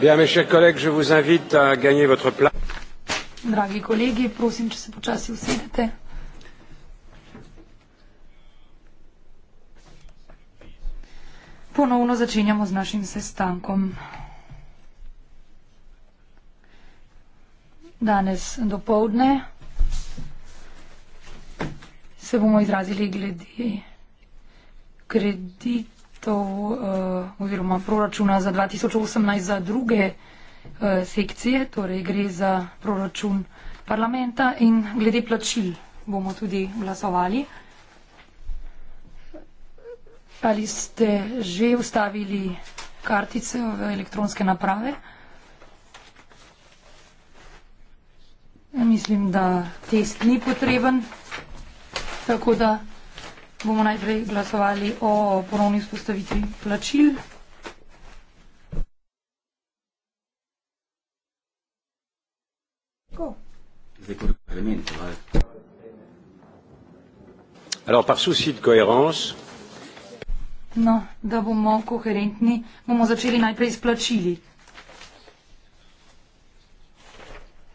Bien, mes chers collègues, je vous invite à gagner votre place. Dragi kolegi, prosim, če se počasi usedete. Ponovno začenjamo z našim sestankom. Danes do povdne se bomo izrazili glede kredit sredstev eh, oziroma proračuna za 2018 za druge eh, sekcije, torej gre za proračun parlamenta in glede plačil bomo tudi glasovali. Ali ste že ustavili kartice v elektronske naprave? Ja, mislim, da test ni potreben, tako da bomo najprej glasovali o ponovni vzpostavitvi plačil. Alors, par souci de cohérence, no, da bomo koherentni, bomo začeli najprej s plačili.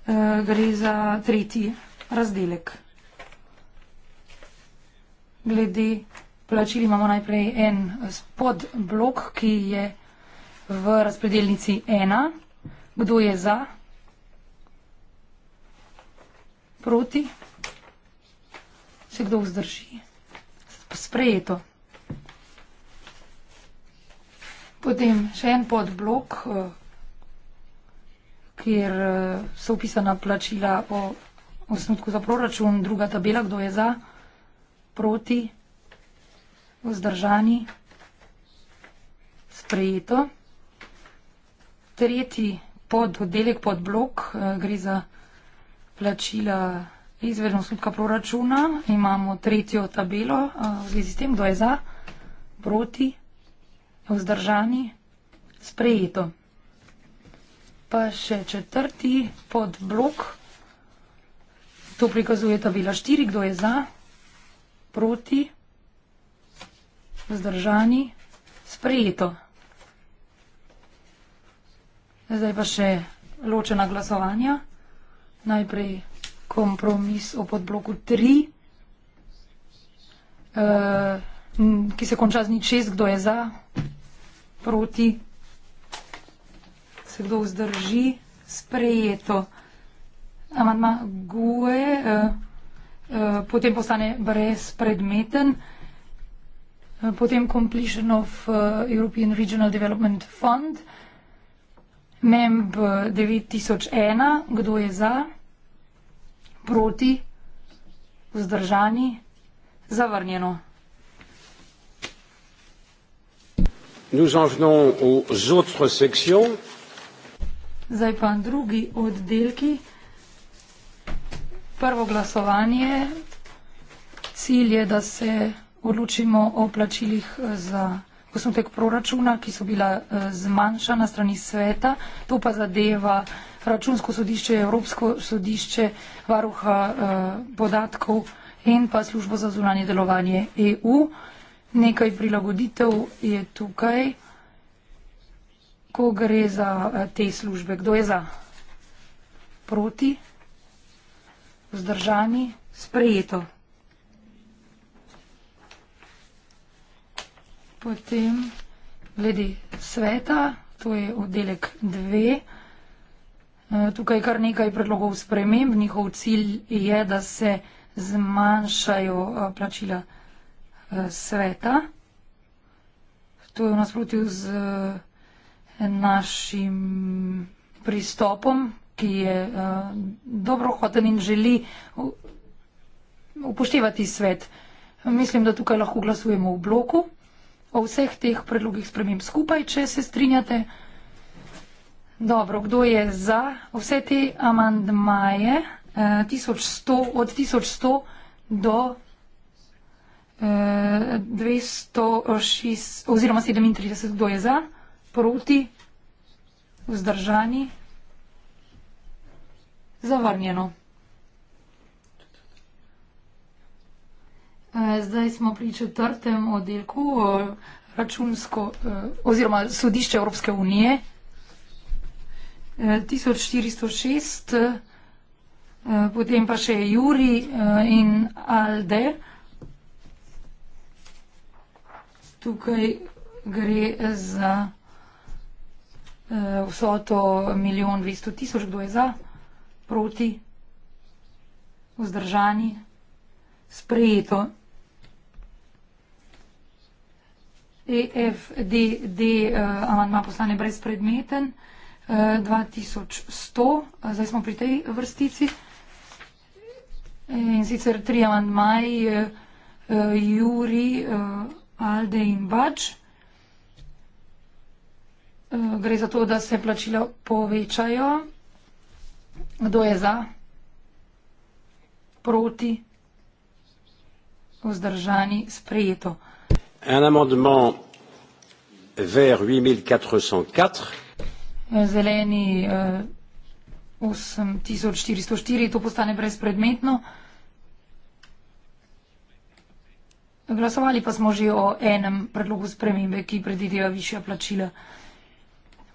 Uh, gre za tretji razdelek glede plačil imamo najprej en podblok, ki je v razpredelnici 1. Kdo je za? Proti? Se kdo vzdrži? Sprejeto. Potem še en podblok, eh, kjer eh, so upisana plačila o osnutku za proračun, druga tabela, kdo je za proti, vzdržani, sprejeto. Tretji pododdelek pod blok eh, gre za plačila izvedno skupka proračuna. Imamo tretjo tabelo eh, v zvezi s tem, kdo je za, proti, vzdržani, sprejeto. Pa še četrti pod blok. To prikazuje tabela 4, kdo je za, Proti? Vzdržani? Sprejeto. Zdaj pa še ločena glasovanja. Najprej kompromis o podbloku 3, e, ki se konča z nič šest, kdo je za, proti, se kdo vzdrži, sprejeto. Amadma Gue, e, Eh, potem postane brezpredmeten. Eh, potem completion of uh, European Regional Development Fund, MEMB 9001, kdo je za, proti, vzdržani, zavrnjeno. Zdaj pa drugi oddelki prvo glasovanje. Cilj je, da se odločimo o plačilih eh, za osnutek proračuna, ki so bila eh, zmanjšana strani sveta. To pa zadeva Računsko sodišče, Evropsko sodišče, varuha eh, podatkov in pa službo za zunanje delovanje EU. Nekaj prilagoditev je tukaj, ko gre za te službe. Kdo je za? Proti? vzdržani, sprejeto. Potem glede sveta, to je oddelek 2. E, tukaj kar nekaj predlogov sprememb. Njihov cilj je, da se zmanjšajo e, plačila e, sveta. To je v nasprotju z našim pristopom ki je uh, dobrohoten in želi upoštevati svet. Mislim, da tukaj lahko glasujemo v bloku o vseh teh predlogih sprememb skupaj, če se strinjate. Dobro, kdo je za vse te amandmaje uh, eh, 1100, od 1100 do. 206 eh, oziroma 37, kdo je za, proti, vzdržani. Zavrnjeno. E, zdaj smo pri četrtem oddelku e, računsko e, oziroma sodišče Evropske unije. 1406, potem pa še Juri in Alde. Tukaj gre za vsoto milijon 200 tisoč, kdo je za? proti, vzdržani, sprejeto. EFDD uh, eh, amandma postane brezpredmeten, uh, 2100, uh, zdaj smo pri tej vrstici. In sicer tri amandmaji, uh, uh, Juri, uh, Alde in Bač. Uh, gre za to, da se plačila povečajo. Kdo je za? Proti? Vzdržani? Sprejeto. Un amendement vers 8404. Zeleni uh, eh, 8404, to postane brezpredmetno. Glasovali pa smo že o enem predlogu spremembe, ki predvideva višja plačila. Uh,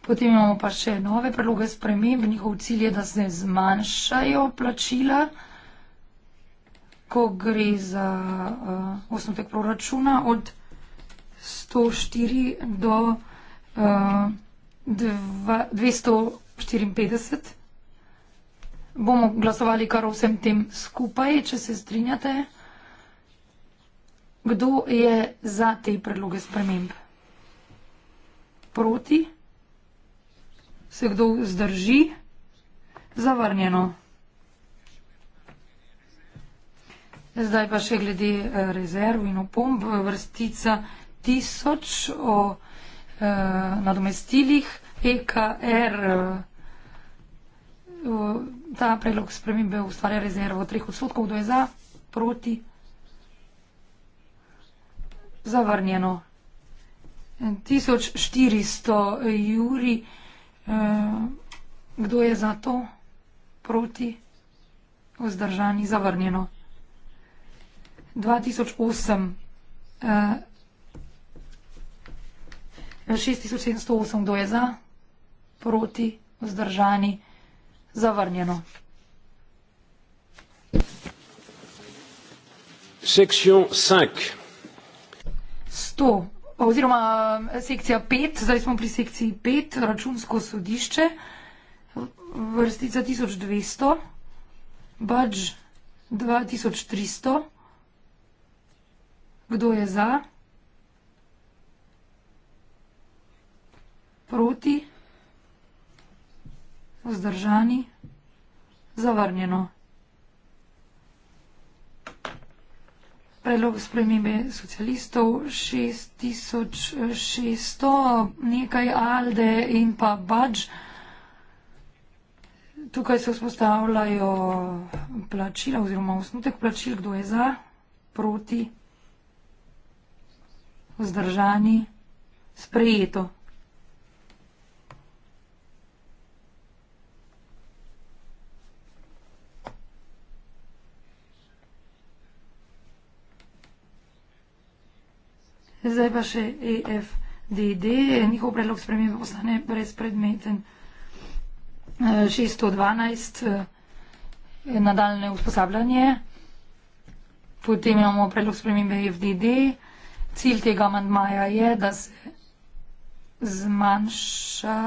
Potem imamo pa še nove predloge sprememb. Njihov cilj je, da se zmanjšajo plačila, ko gre za uh, eh, osnotek proračuna od 104 do uh, dva, 254. Bomo glasovali kar vsem tem skupaj, če se strinjate. Kdo je za te predloge sprememb? Proti? Se kdo vzdrži? Zavrnjeno. Zdaj pa še glede eh, rezerv in opomb. Vrstica 1000 o eh, nadomestilih EKR. Eh, ta predlog spremembe ustvarja rezervo 3 odstotkov. Kdo je za? Proti? Zavrnjeno. 1400 juri. Eh, kdo je za to, proti, vzdržani, zavrnjeno. 2008, uh, 6708, kdo je za, proti, vzdržani, zavrnjeno. Sektion 5. 100 oziroma sekcija 5, zdaj smo pri sekciji 5, računsko sodišče, vrstica 1200, badž 2300. Kdo je za? Proti? Zdržani? Zavrnjeno. predlog spremembe socialistov, 6600, nekaj Alde in pa Bač. Tukaj se vzpostavljajo plačila oziroma osnutek plačil, kdo je za, proti, vzdržani, sprejeto. Zdaj pa še EFDD, njihov predlog spremembe postane brezpredmeten. 612 e, e, nadaljne usposabljanje, potem imamo predlog spremembe e FDD. Cilj tega amandmaja je, da se zmanjša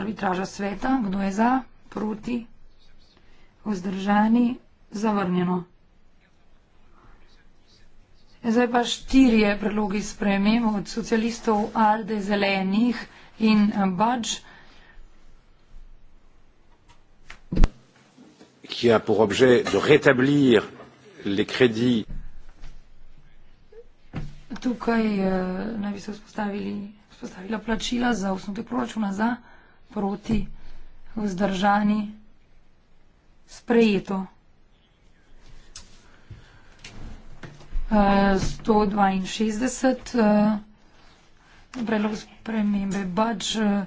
arbitraža sveta. Kdo je za? Proti? Vzdržani? Zavrnjeno. Zdaj pa štirje predlogi sprejemem od socialistov Alde Zelenih in eh, Bač. ki a pour objet de rétablir les crédits. Tukaj eh, naj bi se vzpostavila plačila za osnutek proračuna za proti vzdržani sprejeto. 162 eh, predlog spremembe Bač eh,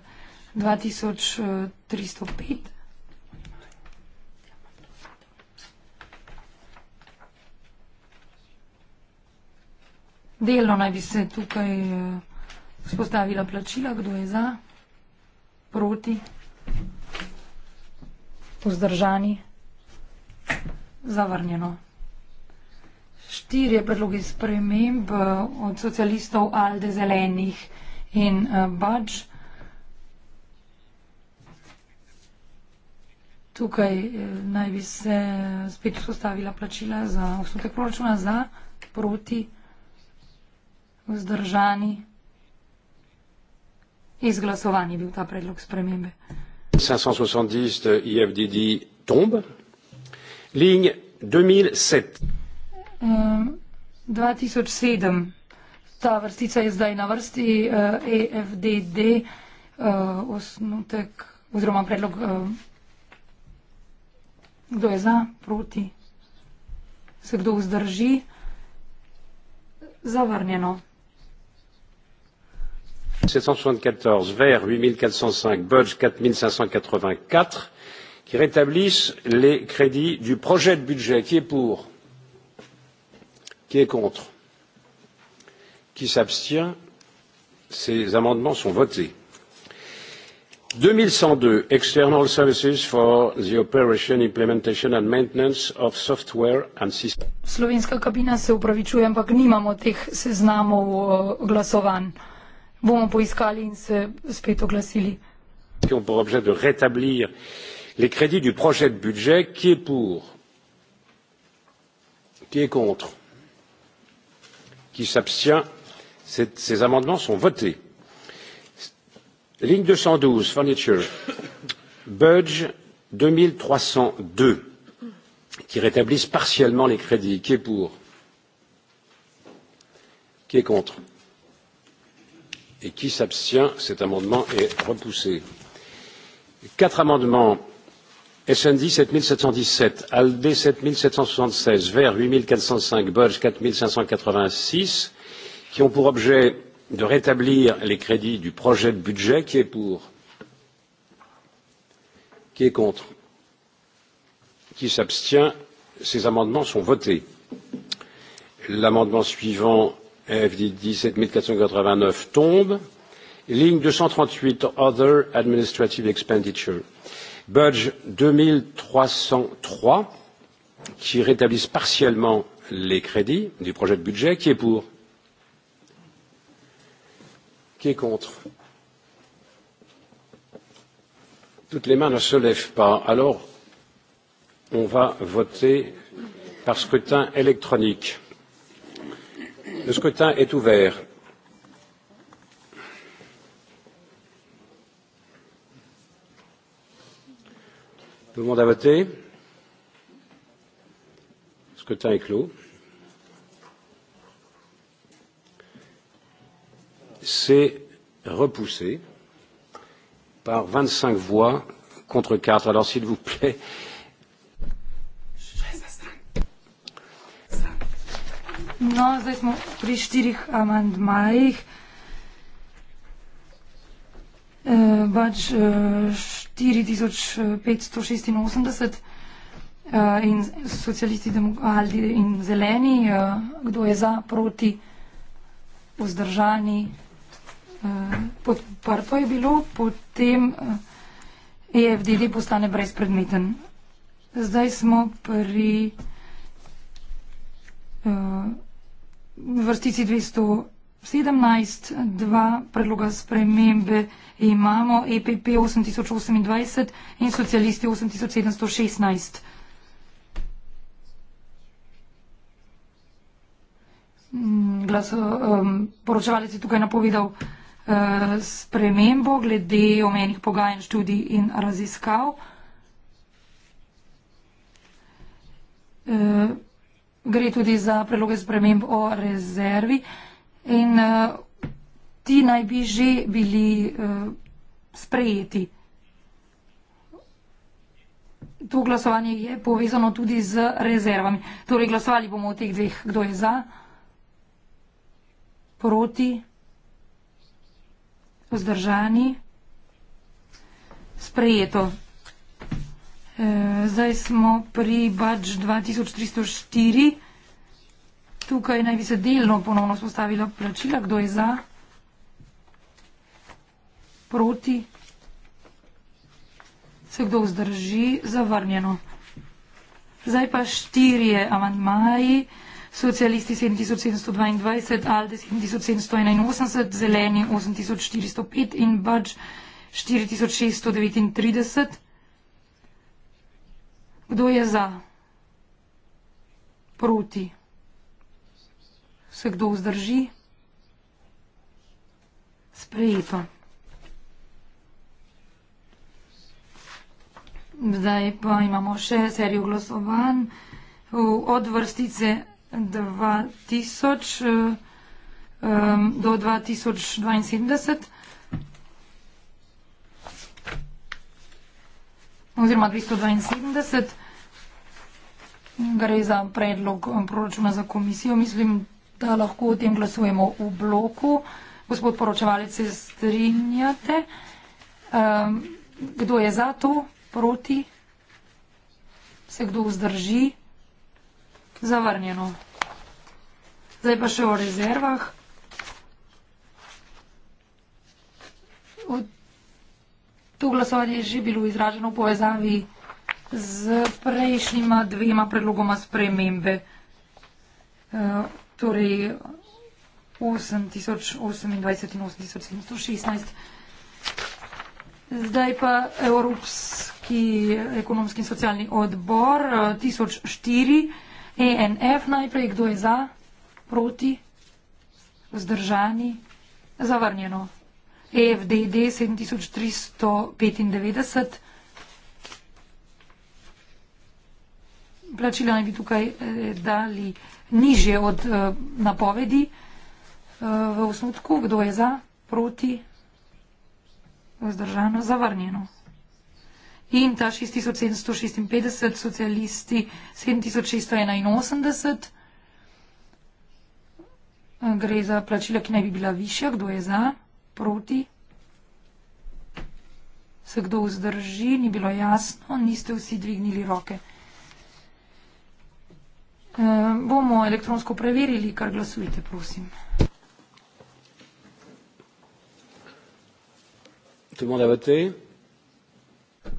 2305. Delno naj bi se tukaj spostavila eh, plačila, kdo je za, proti, vzdržani, zavrnjeno štirje predlogi sprememb eh, od socialistov Alde Zelenih in eh, Bač. Tukaj eh, naj bi se spet vzpostavila plačila za vstotek proračuna za, proti, vzdržani. Izglasovan je bil ta predlog spremembe. 570 IFDD tombe. Linje 2007. 2007. Ta vrstica je zdaj na vrsti uh, eh, EFDD, uh, eh, osnutek oziroma predlog. Uh, kdo je za, proti, se kdo vzdrži, zavrnjeno. 774 vert 8405 budge 4584 qui rétablissent les crédits du projet de budget qui est pour qui est contre qui s'abstient ces amendements sont votés deux mille cent deux external services for the operation implementation and maintenance of software and slovenska kabina se opravičuje ampak nimamo teh seznamov glasovanj bomo poiskali in se spet oglasili qui ont pour objet de rétablir les crédits du projet de budget qui est pour qui est contre qui s'abstient. Ces amendements sont votés. Ligne 212, Furniture, Budge 2302, qui rétablissent partiellement les crédits. Qui est pour Qui est contre Et qui s'abstient Cet amendement est repoussé. Quatre amendements sept sept cent dix sept alde sept sept cent soixante seize vert huit quatre cent cinq bge quatre cinq cent quatre vingt six qui ont pour objet de rétablir les crédits du projet de budget qui est pour qui est contre qui s'abstient ces amendements sont votés. L'amendement suivant F dix sept quatre cent quatre vingt neuf tombe ligne deux cent trente huit other administrative expenditure budge deux mille trois cent trois qui rétablissent partiellement les crédits du projet de budget qui est pour qui est contre toutes les mains ne se lèvent pas alors on va voter par scrutin électronique le scrutin est ouvert. Je demande à voter. Le scrutin est clos. C'est repoussé par 25 voix contre 4. Alors, s'il vous plaît. Na, no, zdaj smo pri štirih amandmajih eh, pač eh, 4586 eh, eh, in socialisti demokrati in zeleni, eh, kdo je za, proti, vzdržani, eh, podpar to je bilo, potem eh, EFDD postane brezpredmeten. Zdaj smo pri eh, vrstici 200. 17, dva predloga spremembe imamo, EPP 8028 in socialisti 8716. Mm, glas, um, poročevalec je tukaj napovedal uh, spremembo glede omenjenih pogajanj, študij in raziskav. Uh, gre tudi za predloge sprememb o rezervi. Uh, in uh, ti naj bi že bili uh, sprejeti. To glasovanje je povezano tudi z rezervami. Torej, glasovali bomo o teh dveh, kdo je za, proti, vzdržani, sprejeto. E, zdaj smo pri Bač 2304 tukaj naj bi se delno ponovno spostavila plačila. Kdo je za? Proti? Se kdo vzdrži? Zavrnjeno. Zdaj pa štirje amantmaji. Socialisti 7722, Alde 7781, Zeleni 8405 in Bač 4639. Kdo je za? Proti se kdo vzdrži, sprejeta. Zdaj pa imamo še serijo glasovanj od vrstice 2000 eh, do 2072. oziroma 272, gre za predlog proračuna za komisijo, mislim, da lahko o tem glasujemo v bloku. Gospod poročevalec, se strinjate? Um, kdo je za to? Proti? Se kdo vzdrži? Zavrnjeno. Zdaj pa še o rezervah. To glasovanje je že bilo izraženo v povezavi z prejšnjima dvema predlogoma spremembe. Uh, torej 8.028.716. Zdaj pa Evropski ekonomski in socialni odbor 1004, eh, ENF najprej, kdo je za, proti, vzdržani, zavrnjeno. EFDD 7395. Plačila naj bi tukaj eh, dali nižje od uh, napovedi uh, v osnutku, kdo je za, proti, vzdržano, zavrnjeno. In ta 6756, socialisti 7681, eh, gre za plačila, ki naj bi bila višja, kdo je za, proti, se kdo vzdrži, ni bilo jasno, niste vsi dvignili roke. Eh, bomo elektronsko preverili, kar glasujte, prosim.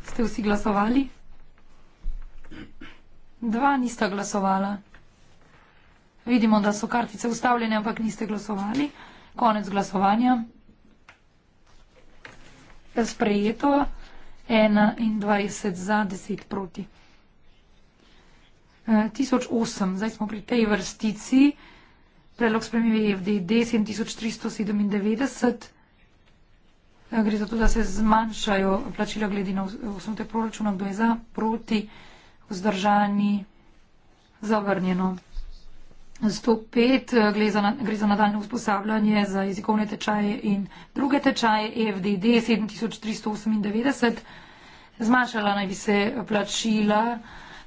Ste vsi glasovali? Dva nista glasovala. Vidimo, da so kartice ustavljene, ampak niste glasovali. Konec glasovanja. Sprejeto. 21 za 10 proti. 1008, zdaj smo pri tej vrstici, predlog spremljiv je FDD 7397. Gre za to, da se zmanjšajo plačila glede na osnovne proračuna, kdo je za, proti, vzdržani, zavrnjeno. 105 gre za, gre za nadaljne usposabljanje za jezikovne tečaje in druge tečaje EFDD 7398. Zmanjšala naj bi se plačila.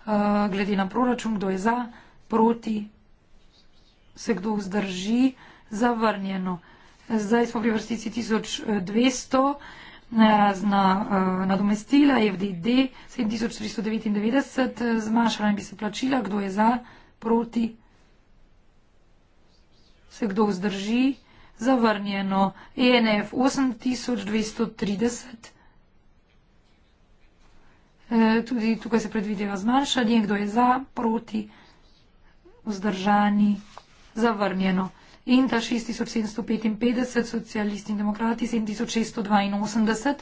Eh, glede na proračun, kdo je za, proti, se kdo vzdrži, zavrnjeno. Zdaj smo pri vrstici 1200 na, na, na domestila, FDD 7399, zmanjšala in bi se plačila, kdo je za, proti, se kdo vzdrži, zavrnjeno. ENF 8230. E, tudi tukaj se predvideva zmanjšanje, kdo je za, proti, vzdržani, zavrnjeno. In ta 6755, socialisti in demokrati 7682,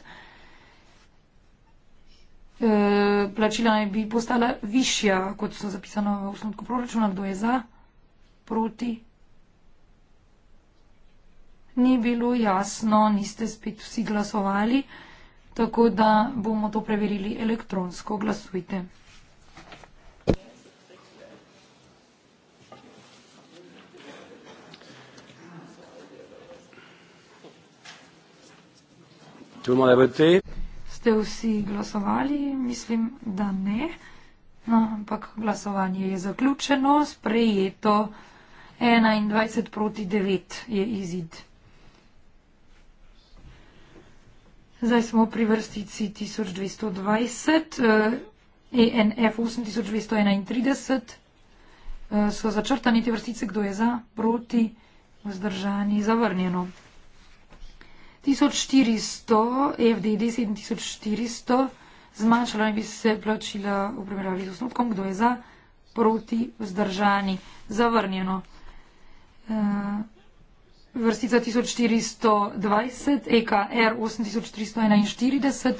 e, plačila naj bi postala višja, kot so zapisano v osnutku proračuna, kdo je za, proti. Ni bilo jasno, niste spet vsi glasovali tako da bomo to preverili elektronsko. Glasujte. Ste vsi glasovali? Mislim, da ne. No, ampak glasovanje je zaključeno, sprejeto 21 proti 9 je izid. Zdaj smo pri vrstici 1220, ENF 8231. So začrtani te vrstice, kdo je za, proti, vzdržani, zavrnjeno. 1400, FDD 7400, zmanjšala bi se plačila v primerjavi z osnutkom, kdo je za, proti, vzdržani, zavrnjeno. Eh, vrstica 1420, EKR 8341,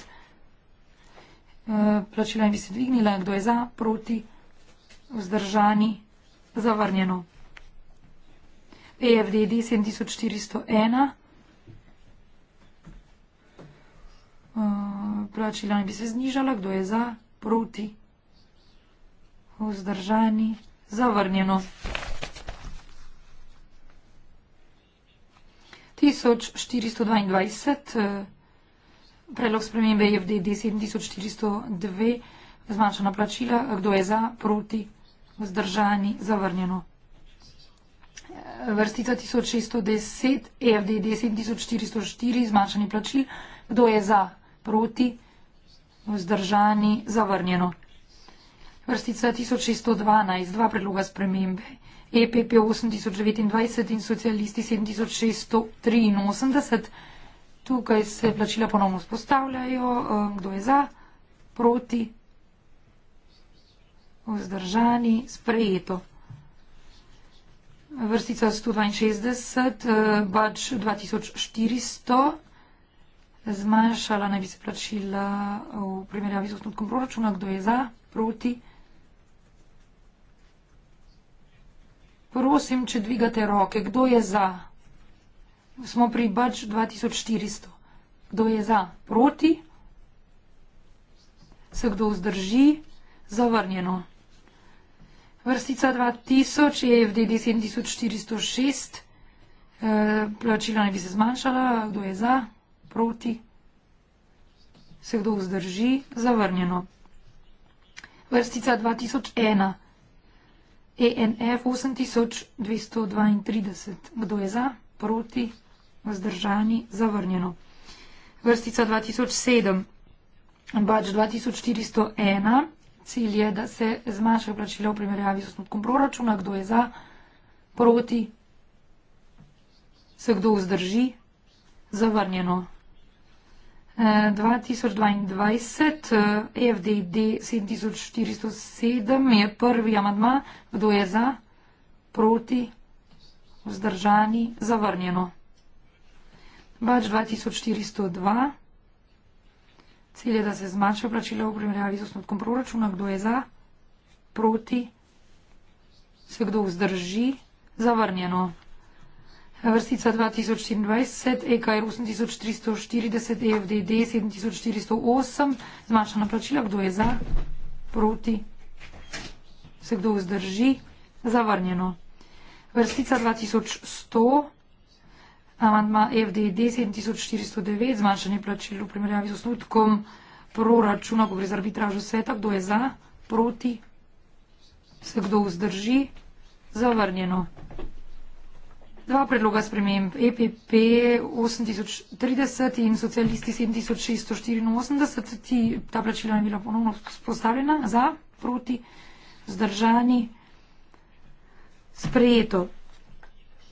plačila in bi se dvignila, kdo je za, proti, vzdržani, zavrnjeno. PFDD e 7401, e, plačila in bi se znižala, kdo je za, proti, vzdržani, zavrnjeno. Zavrnjeno. 1422, eh, predlog spremembe je v DD 7402, zmanjšana plačila, kdo je za, proti, vzdržani, zavrnjeno. Vrstica 1610, EFD 10404, zmanjšanje plačil, kdo je za, proti, vzdržani, zavrnjeno. Vrstica 1612, dva predloga spremembe, EPP 8029 in socialisti 7683. Tukaj se plačila ponovno spostavljajo. E, kdo je za? Proti? Vzdržani? Sprejeto. Vrstica 162, e, bač 2400. Zmanjšala naj bi se plačila v primerjavi z osnutkom proračuna. Kdo je za? Proti? Prosim, če dvigate roke, kdo je za? Smo pri bač 2400. Kdo je za? Proti? Se kdo vzdrži? Zavrnjeno. Vrstica 2000 je FDD 7406. E, plačila ne bi se zmanjšala. Kdo je za? Proti? Se kdo vzdrži? Zavrnjeno. Vrstica 2001. ENF 8232. Kdo je za? Proti? Vzdržani? Zavrnjeno. Vrstica 2007. Bač 2401. Cilj je, da se zmanjša plačila v primerjavi z osnutkom proračuna. Kdo je za? Proti? Se kdo vzdrži? Zavrnjeno. 2022, FDD 7407 je prvi amadma, kdo je za, proti, vzdržani, zavrnjeno. Bač 2402, cilj je, da se zmanjša plačila v primerjavi z osnotkom proračuna, kdo je za, proti, se kdo vzdrži, zavrnjeno. Vrstica 2020, EKR 8440, EFDD 7408, zmanjšana plačila, kdo je za, proti, se kdo vzdrži, zavrnjeno. Vrstica 2100, amandma EFDD 7409, zmanjšanje plačil v primerjavi z osnutkom proračuna, govori za arbitražo sveta, kdo je za, proti, se kdo vzdrži, zavrnjeno. Dva predloga sprememb, EPP 8030 in socialisti 7684, ti, ta plačila je bila ponovno spostavljena za, proti, zdržani, sprejeto.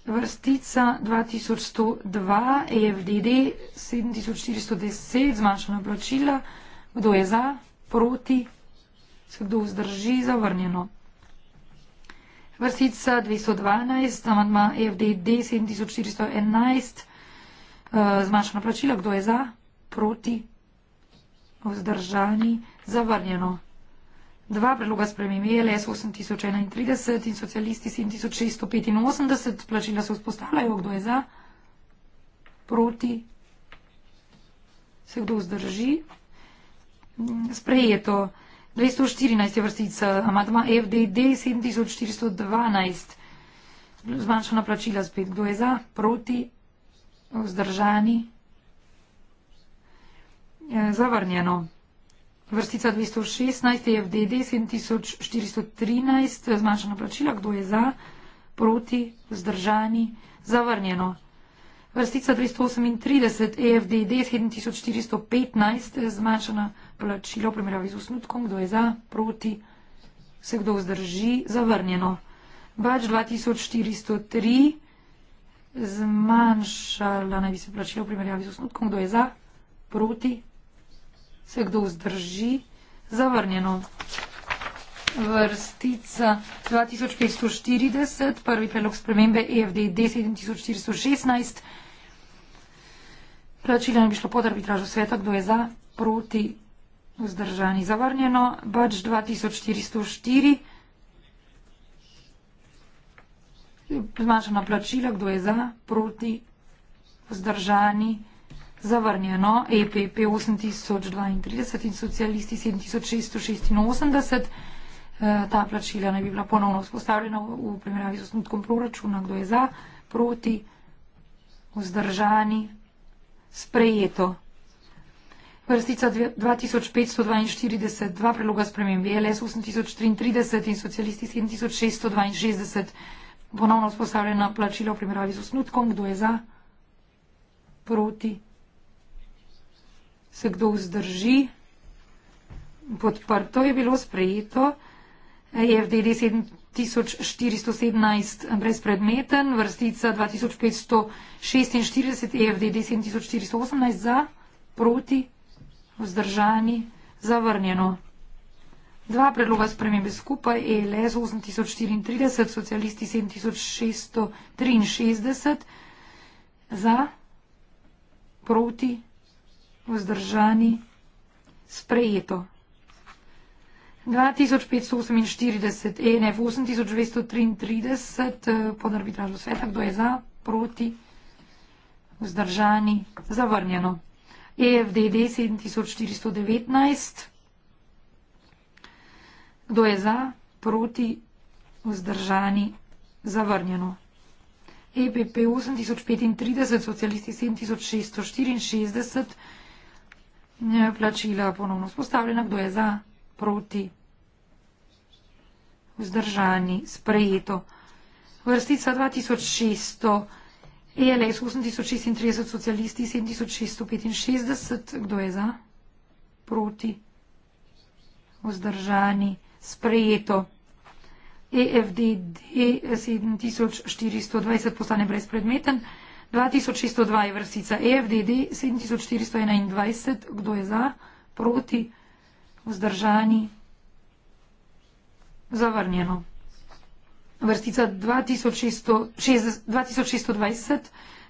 Vrstica 2102, EFDD 7410, zmanjšana plačila, kdo je za, proti, se kdo vzdrži, zavrnjeno. Vrstica 212, amantma FDD 7411, zmanjšano plačilo, kdo je za, proti, vzdržani, zavrnjeno. Dva predloga spremim, ELS 8031 in socialisti 7685, plačila se vzpostavljajo, kdo je za, proti, se kdo vzdrži, mm, sprejeto. 214 je vrstica, amatma FDD 7412. Zmanjšana plačila spet. Kdo je za? Proti? Vzdržani? E, zavrnjeno. Vrstica 216 je FDD 7413. Zmanjšana plačila. Kdo je za? Proti? Vzdržani? Zavrnjeno vrstica 238 EFDD 7415 zmanjšana plačilo v primerjavi z usnutkom, kdo je za, proti, se kdo vzdrži, zavrnjeno. Bač 2403 zmanjšala naj bi se plačilo v primerjavi z usnutkom, kdo je za, proti, se kdo vzdrži, zavrnjeno vrstica 2540, prvi predlog spremembe EFD 10416. Plačilo naj bi šlo pod arbitražo sveta, kdo je za, proti, vzdržani, zavrnjeno. Bač 2404, zmanjšano plačilo, kdo je za, proti, vzdržani, zavrnjeno. EPP 8032 in socialisti 7686 ta plačila ne bi bila ponovno vzpostavljena v primerjavi z osnutkom proračuna, kdo je za, proti, vzdržani, sprejeto. Vrstica 2542, dva preloga spremem, VLS 8033 in socialisti 7662, ponovno vzpostavljena plačila v primerjavi z osnutkom, kdo je za, proti, se kdo vzdrži, podprto je bilo, sprejeto je v DD 7417 brezpredmeten, vrstica 2546 je v DD 7418 za, proti, vzdržani, zavrnjeno. Dva predloga spremembe skupaj, ELS 8034, socialisti 7663, za, proti, vzdržani, sprejeto. 2548, ENF 8233, pod arbitražo sveta, kdo je za, proti, vzdržani, zavrnjeno. EFDD 7419, kdo je za, proti, vzdržani, zavrnjeno. EPP 8035, socialisti 7664, plačila ponovno spostavljena, kdo je za, proti, vzdržani vzdržani, sprejeto. Vrstica 2600, ELS 8036, socialisti 7665, kdo je za? Proti, vzdržani, sprejeto. EFDD 7420 postane brezpredmeten. 2602 je vrstica EFDD 7421, kdo je za? Proti, vzdržani, sprejeto zavrnjeno. Vrstica 2620,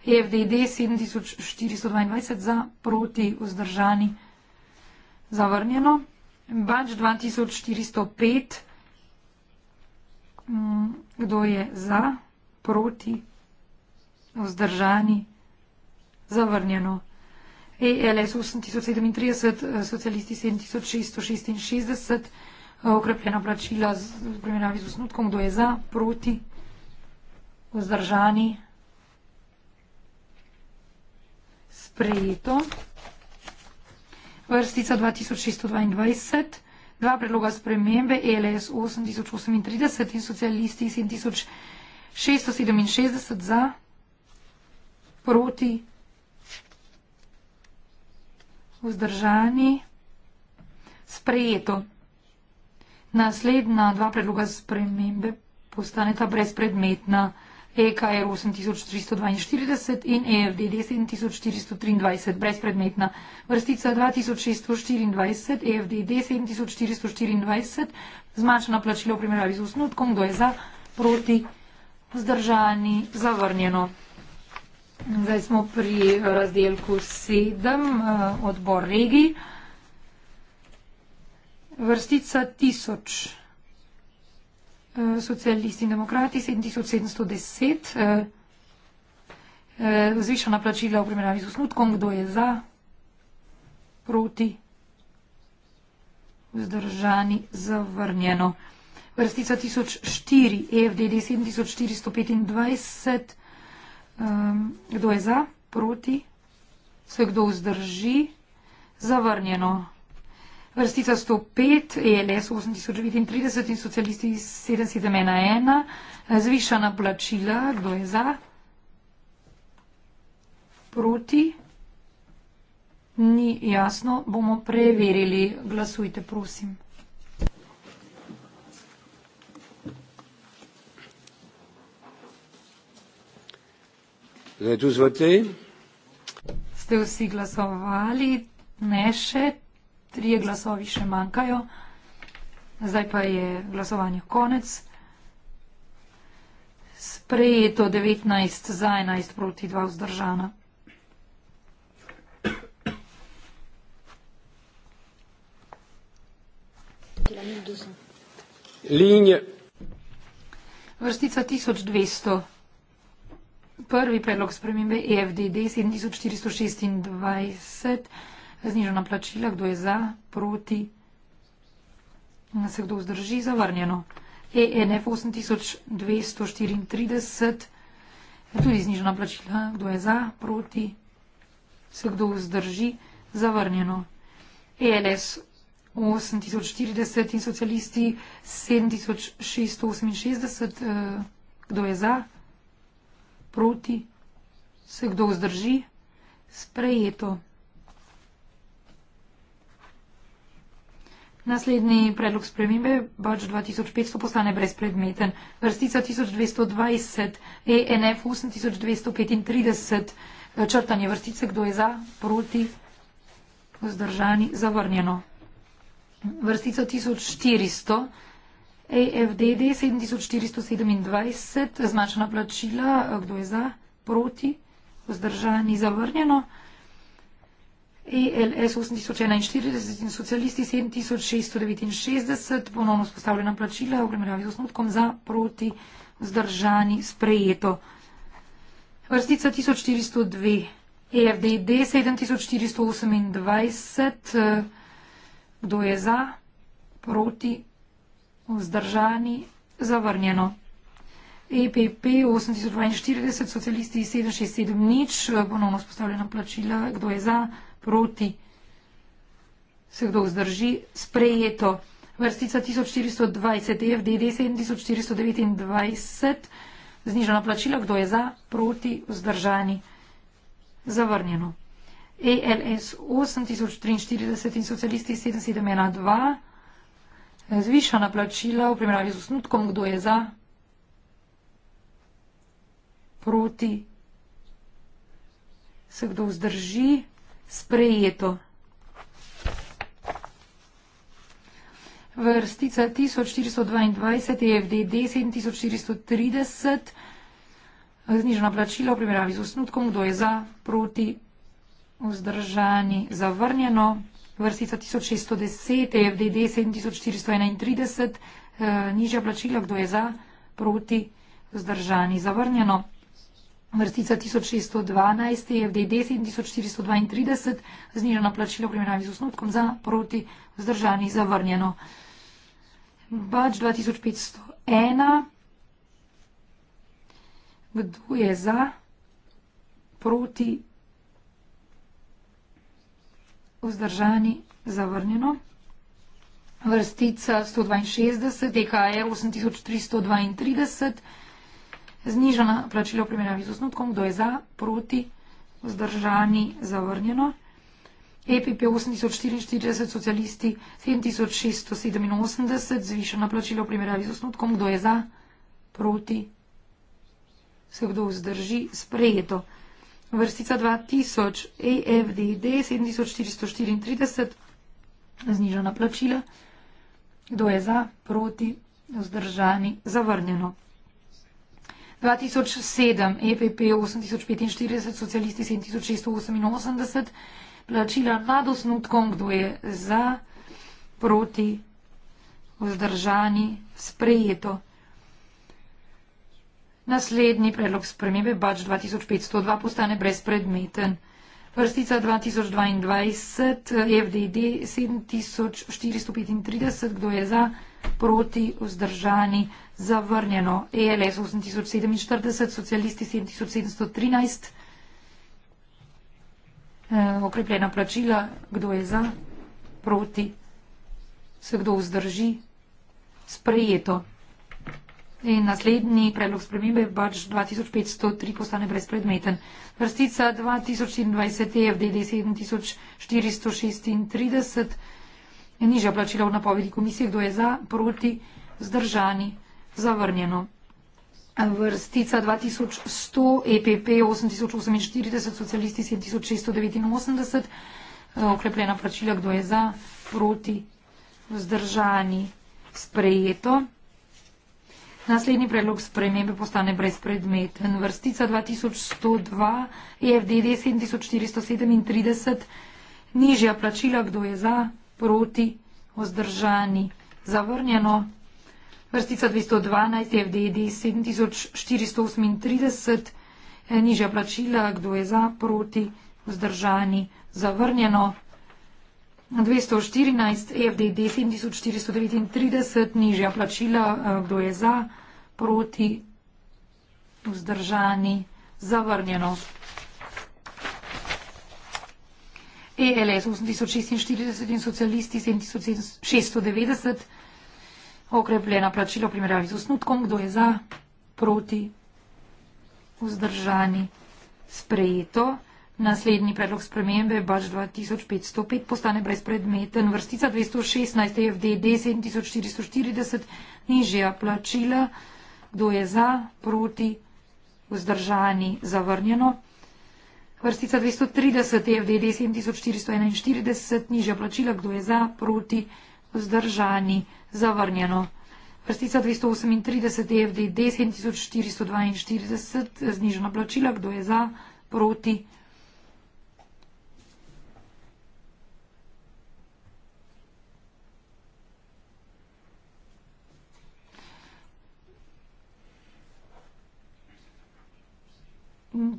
FDD 7422 za proti vzdržani zavrnjeno. Bač 2405, mm, kdo je za, proti, vzdržani, zavrnjeno. ELS 8037, socialisti 7666. Eh, okrepljena plačila z, v primerjavi z osnutkom, kdo je za, proti, vzdržani, sprejeto. Vrstica 2622, dva predloga spremembe, e LS 8038 in socialisti 7667 za, proti, vzdržani, sprejeto. Naslednja dva predloga spremembe postaneta brezpredmetna EKR 8342 in ELD 10423 brezpredmetna vrstica 2624 EFD 10424 zmanjšana plačila v primerjavi z usnutkom, kdo je za, proti, vzdržani, zavrnjeno. Zdaj smo pri razdelku 7, eh, odbor regij vrstica tisoč. Eh, socialisti in demokrati 7710, eh, eh, zvišana plačila v primeravi z usnutkom, kdo je za, proti, vzdržani, zavrnjeno. Vrstica 1004, EFDD 7425, kdo je za, proti, se kdo vzdrži, zavrnjeno. Vrstica 105, ELS 8039 in socialisti 7711. Zvišana plačila, kdo je za? Proti? Ni jasno, bomo preverili. Glasujte, prosim. Ste vsi glasovali? Ne še trije glasovi še manjkajo. Zdaj pa je glasovanje konec. Sprejeto 19 za 11 proti 2 vzdržana. Linje. Vrstica 1200. Prvi predlog spremembe EFDD 7426. Znižena e plačila, kdo je za, proti, se kdo vzdrži, zavrnjeno. ENF 8234, tudi znižena plačila, kdo je za, proti, se kdo vzdrži, zavrnjeno. ELS 8040 in socialisti 7668, eh, kdo je za, proti, se kdo vzdrži, sprejeto. Naslednji predlog spremembe, bač 2500, postane brezpredmeten. Vrstica 1220, ENF 8235, črtanje vrstice, kdo je za, proti, vzdržani, zavrnjeno. Vrstica 1400, AFDD 7427, zmanjšana plačila, kdo je za, proti, vzdržani, zavrnjeno. ELS 841 in socialisti 7669, ponovno spostavljena plačila v primerjavi z osnutkom za proti vzdržani sprejeto. Vrstica 1402, EFDD 7428, kdo je za, proti vzdržani zavrnjeno. EPP 8042, socialisti 7670, ponovno spostavljena plačila, kdo je za, proti vzdržani sprejeto proti, se kdo vzdrži, sprejeto. Vrstica 1420, FDD 7429, znižena plačila, kdo je za, proti, vzdržani, zavrnjeno. ALS e 8043 in socialisti 7712, zvišena plačila v primerjavi z osnutkom, kdo je za, proti, se kdo vzdrži, sprejeto. Vrstica 1422 je FDD 7430, znižena plačila v primeravi z usnutkom, kdo je za, proti, vzdržani, zavrnjeno. Vrstica 1610 je FDD 7431, eh, nižja plačila, kdo je za, proti, vzdržani, zavrnjeno vrstica 1612, je v 10432, znižena plačila v primerjavi z osnutkom za proti vzdržani zavrnjeno. Bač 2501, kdo je za proti vzdržani zavrnjeno. Vrstica 162, DKR 8332 znižana plačila v primerjavi z osnutkom, kdo je za, proti, vzdržani, zavrnjeno. EPP 8044, socialisti 7687, zvišena plačila v primerjavi z osnutkom, kdo je za, proti, se kdo vzdrži, sprejeto. Vrstica 2000, AFDD 7434, znižena plačila, kdo je za, proti, vzdržani, zavrnjeno. 2007 EPP 8045, socialisti 7688, plačila nad osnutkom, kdo je za, proti, vzdržani, sprejeto. Naslednji predlog spremembe, bač 2502, postane brezpredmeten. Vrstica 2022, FDD 7435, kdo je za, proti vzdržani zavrnjeno. ELS 8047, socialisti 7713, eh, okrepljena plačila, kdo je za, proti, se kdo vzdrži, sprejeto. In naslednji predlog spremembe, pač 2503, postane brezpredmeten. Vrstica 2027 je v DD 7436 je nižja plačila v napovedi komisije, kdo je za, proti, zdržani, zavrnjeno. Vrstica 2100, EPP 8048, socialisti 7689, eh, okrepljena plačila, kdo je za, proti, vzdržani, sprejeto. Naslednji predlog spremembe postane brezpredmeten. Vrstica 2102, EFDD 7437, nižja plačila, kdo je za, proti, vzdržani, zavrnjeno. Vrstica 212 je v DD 7438, nižja plačila, kdo je za, proti, vzdržani, zavrnjeno. 214 FDD 7439, nižja plačila, eh, kdo je za, proti, vzdržani, zavrnjeno. ELS 8046 in socialisti 7690. Okrepljena plačila v primerjavi z osnutkom. Kdo je za, proti, vzdržani, sprejeto. Naslednji predlog spremembe, bač 2505, postane brezpredmeten. Vrstica 216, FDD 7440, nižja plačila. Kdo je za, proti, vzdržani, zavrnjeno. Vrstica 230 je v DD 7441, nižja plačila, kdo je za, proti, vzdržani, zavrnjeno. Vrstica 238 je v DD 7442, znižena plačila, kdo je za, proti, vzdržani.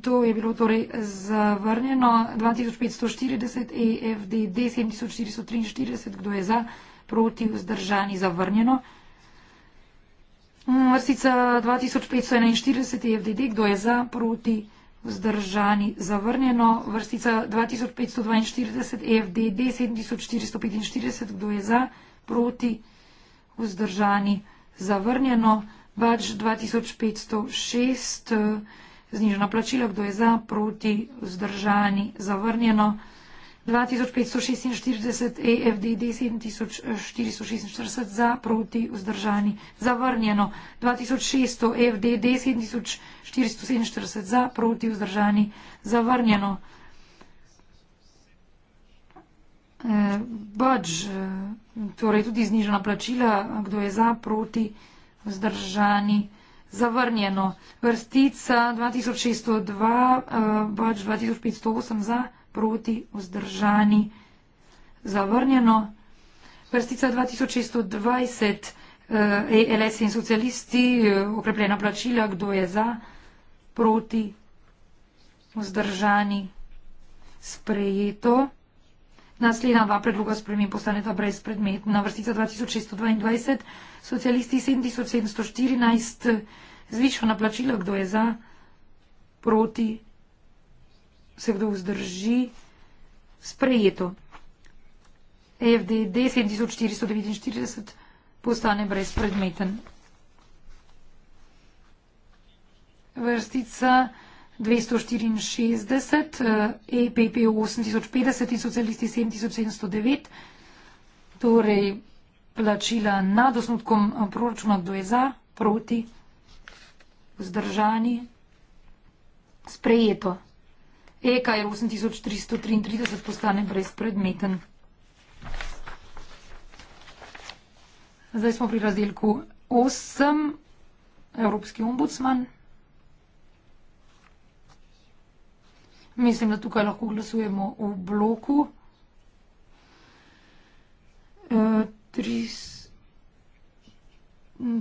to je bilo torej zavrnjeno 2540 EFD 7443, kdo je za, proti, vzdržani, zavrnjeno. Vrstica 2541 EFDD, kdo je za, proti, vzdržani, zavrnjeno. Vrstica 2542 EFDD 7445, kdo je za, proti, vzdržani, zavrnjeno. Bač 2506 znižano plačilo, kdo je za, proti, vzdržani, zavrnjeno. 2546 AFDD 7446 za, proti, vzdržani, zavrnjeno. 2600 AFDD 7447 za, proti, vzdržani, zavrnjeno. E, budž, e, torej tudi znižena plačila, kdo je za, proti, vzdržani, zavrnjeno zavrnjeno. Vrstica 2602, eh, pač 2508 za, proti, vzdržani, zavrnjeno. Vrstica 2620, ALS eh, e in socialisti, eh, okrepljena plačila, kdo je za, proti, vzdržani, sprejeto. Naslednja dva predloga spremem postaneta brezpredmetna. Vrstica 2622, socialisti 7714, zvišena plačila, kdo je za, proti, se kdo vzdrži, sprejeto. FDD 7449 postane brezpredmeten. Vrstica 264, EPP 8050 in socialisti 7709, torej plačila nad osnutkom eh, proračuna, kdo je za, proti, vzdržani, sprejeto. EKR 8333 postane brezpredmeten. Zdaj smo pri razdelku 8, Evropski ombudsman. Mislim, da tukaj lahko glasujemo v bloku. E,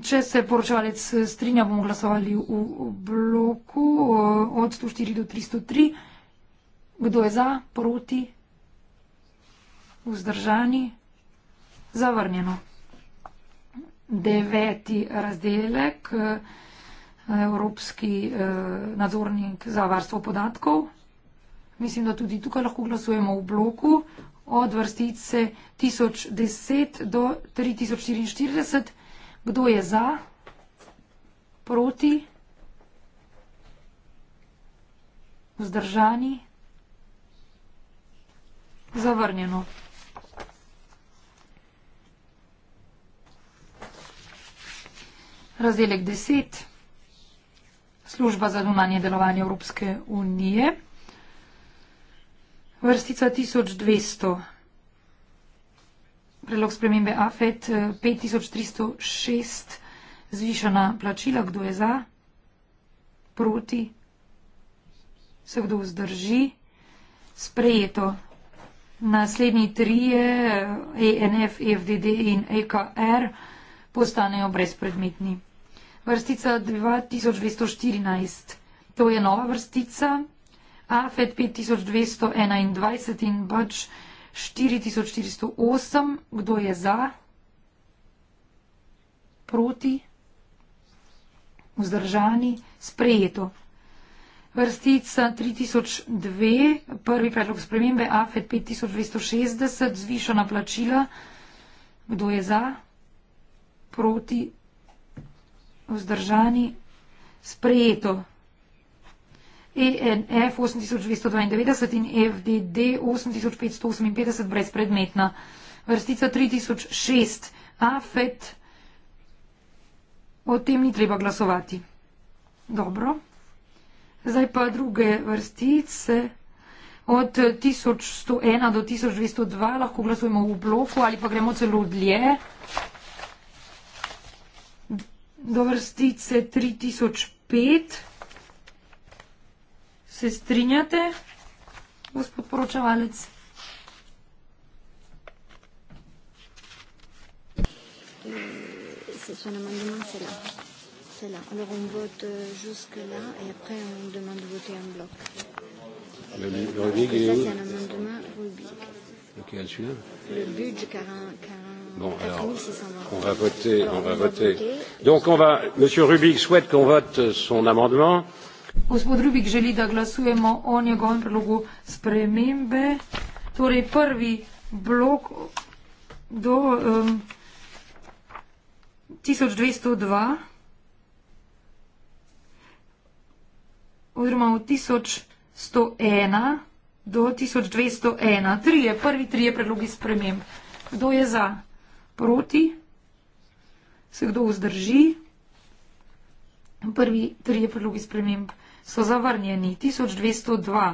Če se poročevalec strinja, bomo glasovali v bloku e, od 104 do 303. Kdo je za, proti, vzdržani, zavrnjeno. Deveti razdelek, e, Evropski nadzornik za varstvo podatkov mislim, da tudi tukaj lahko glasujemo v bloku od vrstice 1010 do 3044. Kdo je za? Proti? Vzdržani? Zavrnjeno. Razdelek 10. Služba za zunanje delovanje Evropske unije. Vrstica 1200. Predlog spremembe AFET e eh, 5306. Zvišana plačila. Kdo je za? Proti? Se kdo vzdrži? Sprejeto. Naslednji trije, ANF, eh, e e FDD in EKR, postanejo brezpredmetni. Vrstica 2214. To je nova vrstica. Afet 5221 in Bač 4408. Kdo je za? Proti? Vzdržani? Sprejeto. Vrstica 3002, prvi predlog spremembe AFED 5260, zvišana plačila. Kdo je za? Proti? Vzdržani? Sprejeto. ENF 8292 in FDD e 8558 brezpredmetna. Vrstica 3006 AFET. O tem ni treba glasovati. Dobro. Zdaj pa druge vrstice. Od 1101 do 1202 lahko glasujemo v bloku ali pa gremo celo dlje. Do vrstice 3005. Se strinjate, gospod poročevalec? Ce sont les amendements, c'est là. C'est là. Alors on vote euh, jusque-là et après on demande de voter en bloc. Le, le Rubik est ça, où C'est un amendement Rubik. Lequel celui-là Le budget 40. Bon, alors 4620. on va voter. Alors, on va on voter. voter. Donc on va. Monsieur Rubik souhaite qu'on vote son amendement. Gospod Rubik želi, da glasujemo o njegovem predlogu spremembe. Torej prvi blok do um, 1202 oziroma od 1101 do 1201. Trije, prvi trije predlogi sprememb. Kdo je za? Proti? Se kdo vzdrži? prvi trije predlogi sprememb so zavrnjeni. 1202.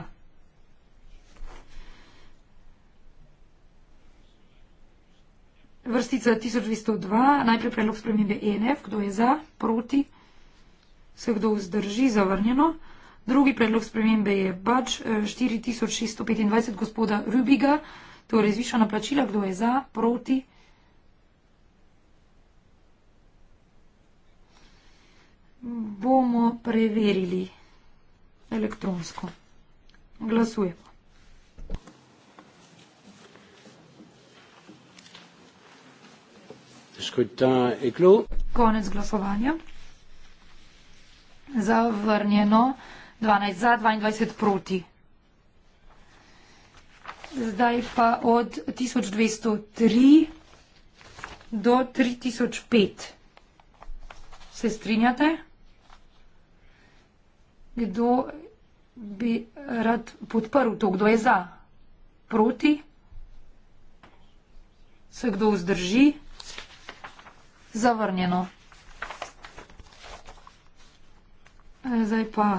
Vrstica 1202. Najprej predlog spremembe e NF. Kdo je za? Proti? Se kdo vzdrži? Zavrnjeno. Drugi predlog spremembe je BAČ 4625 e, gospoda Rubiga. Torej zvišana plačila. Kdo je za? Proti? bomo preverili elektronsko. Glasujemo. Skrutin je klos. Konec glasovanja. Zavrnjeno 12 za, 22 proti. Zdaj pa od 1203 do 3005. Se strinjate? Ja kdo bi rad podprl to, kdo je za, proti, se kdo vzdrži, zavrnjeno. E, zdaj pa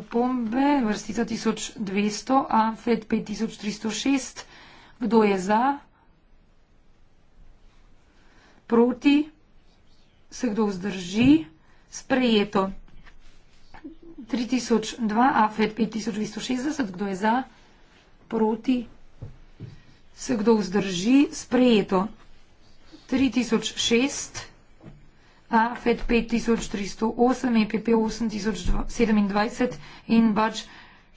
opombe, vrstica 1200, amfet 5306, kdo je za, proti, se kdo vzdrži, sprejeto. 3002 AFET 5260, kdo je za, proti, se kdo vzdrži, sprejeto 3006 AFET 5308, EPP 8027 in pač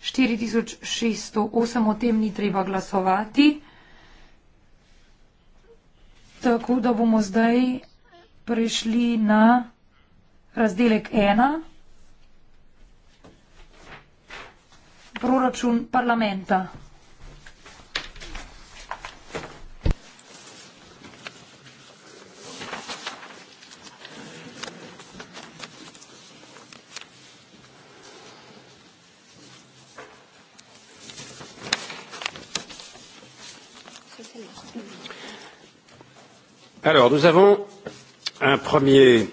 4608, o tem ni treba glasovati. Tako da bomo zdaj prešli na razdelek 1. proračun parlamenta. Alors, nous avons un premier,